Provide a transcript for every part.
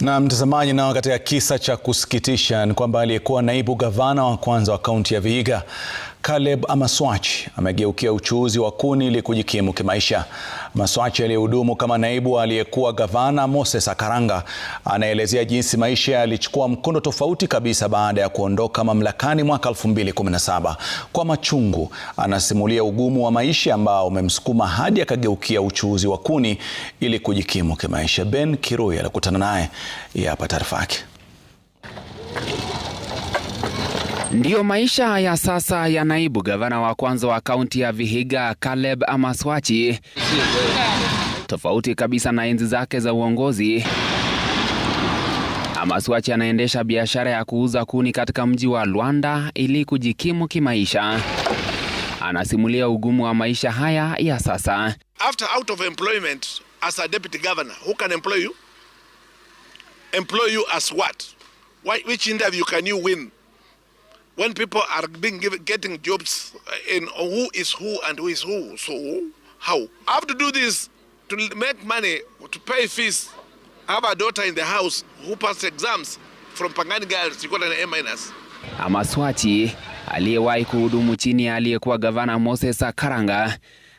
Na mtazamaji, nao katika kisa cha kusikitisha ni kwamba aliyekuwa naibu gavana wa kwanza wa kaunti ya Vihiga Caleb Amaswach amegeukia uchuuzi wa kuni ili kujikimu kimaisha. Amaswach aliyehudumu kama naibu aliyekuwa gavana Moses Akaranga anaelezea jinsi maisha yalichukua mkondo tofauti kabisa baada ya kuondoka mamlakani mwaka 2017. Kwa machungu, anasimulia ugumu wa maisha ambao umemsukuma hadi akageukia uchuuzi wa kuni ili kujikimu kimaisha. Ben Kirui alikutana naye, hapa taarifa yake. Ndiyo maisha ya sasa ya naibu gavana wa kwanza wa kaunti ya Vihiga, Caleb Amaswachi, tofauti kabisa na enzi zake za uongozi. Amaswachi anaendesha biashara ya kuuza kuni katika mji wa Luanda ili kujikimu kimaisha. Anasimulia ugumu wa maisha haya ya sasa. After out of employment as a deputy governor, who can employ you? Employ you as what? Which interview can you win? when people are being given, getting jobs uh, in uh, who is who and who is who. So how? I have to do this to make money, to pay fees. I have a daughter in the house who passed exams from Pangani Girls. you got an A minus. Amaswati aliyewahi kuhudumu chini aliyekuwa gavana Moses Karanga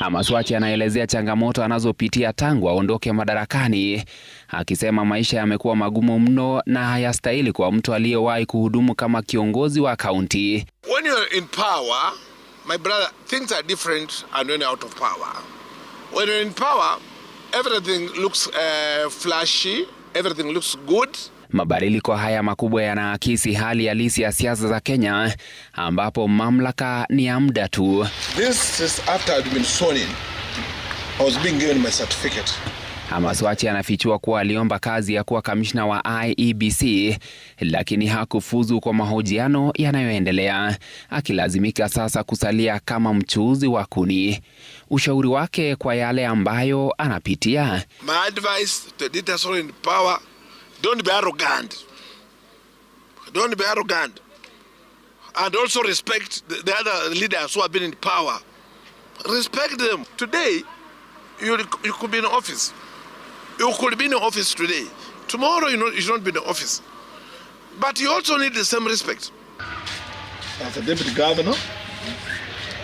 Amaswachi anaelezea changamoto anazopitia tangu aondoke madarakani, akisema maisha yamekuwa magumu mno na hayastahili kwa mtu aliyewahi kuhudumu kama kiongozi wa kaunti. When when When are in in power, power. power, my brother, things different and out of Everything looks uh, flashy, everything looks good. Mabadiliko haya makubwa yanaakisi hali halisi ya siasa za Kenya ambapo mamlaka ni ya muda tu. Amaswachi anafichua kuwa aliomba kazi ya kuwa kamishna wa IEBC lakini hakufuzu kwa mahojiano yanayoendelea, akilazimika sasa kusalia kama mchuuzi wa kuni. Ushauri wake kwa yale ambayo anapitia: My advice to Don't be arrogant. Don't be arrogant. And also respect the other leaders who have been in power. Respect them. Today, you, you could be in office. You could be in office today. Tomorrow, you, know, you shouldn't be in office. But you also need the same respect. As a deputy governor,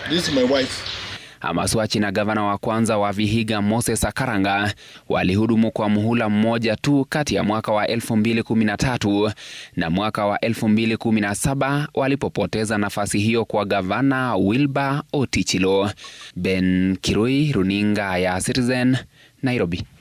this is my wife. Amaswachi na gavana wa kwanza wa Vihiga Moses Akaranga walihudumu kwa muhula mmoja tu kati ya mwaka wa 2013 na mwaka wa 2017 walipopoteza nafasi hiyo kwa gavana Wilbur Otichilo. Ben Kirui, Runinga ya Citizen, Nairobi.